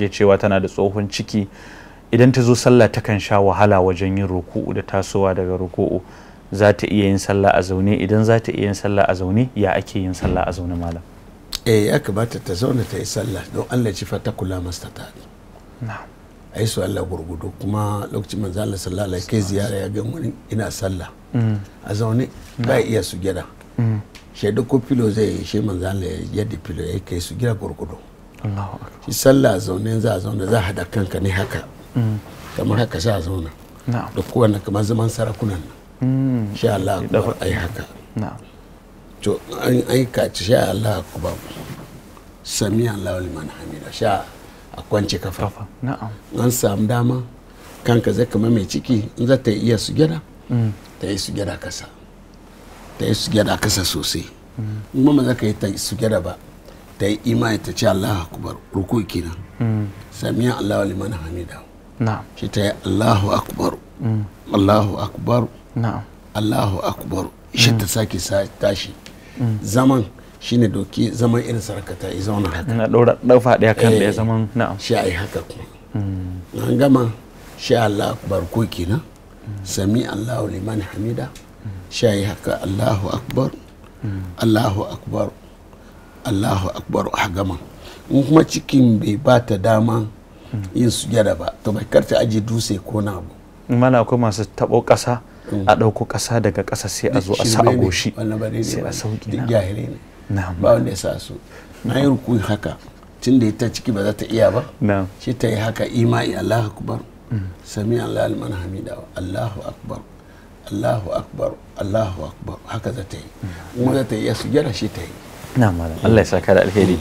take cewa tana da tsohon ciki idan ta zo sallah ta kan sha wahala wajen yin ruku'u da tasowa daga ruku'u za ta iya yin sallah a zaune idan za ta iya yin sallah a zaune ya ake yin sallah a zaune malam eh ya kamata ta zauna ta yi sallah don Allah ci ta kula masta tare a yi su Allah gurgudu kuma lokacin manzo Allah sallallahu alaihi kai ziyara ya ga wani ina sallah mm. a zaune mm. ba iya su gida mm. shaidu ko filo zai yi shi manzo Allah ya yadda filo ya kai su gida gurgudu shi sallah zaune za a zauna za a hada kanka ne haka mm. kamar haka za a zauna da kowanne kamar zaman sarakunan nan mm. sha Allah a yi haka to an aika ci sha Allah akbar sami Allah liman hamida sha a kwanci kafa an samu dama kanka zai kama mai ciki in za ta iya sujada mm. ta yi sujada kasa ta yi sujada kasa sosai kuma ma za ka yi ta sujada ba ta yi imani ta ce Allah akbar ruku kenan mm. samiya Allahu liman hamida shi ta yi Allahu akbar mm. Allahu akbar Allahu akbar mm. shi ta sake tashi zaman ne doki zaman irin sarakata ya zauna haka na ɗora ɗaufa ɗaya kan da ya eh, zaman na'am shi yi haka ku na gama shi Allah akbar ku kenan sami Allahu liman hamida shi a yi haka Allahu akbar Allahu akbar allahu akbar a gama in kuma cikin bai ba ta dama yin sujada ba to bai karta aji dutse ko na abu mana ko masu tabo kasa mm. a dauko kasa daga kasa sai a zo a sa a goshi sai a sauki na ne ba wanda ya sa su na yi rukun haka tun da ta ciki ba za ta iya ba shi ta yi haka imai allahu akbar mm. sami allah alman hamida allahu akbar allahu akbar allahu akbar haka za ta yi mm. kuma za ta yi ya sujada shi ta yi na malam Allah ya saka da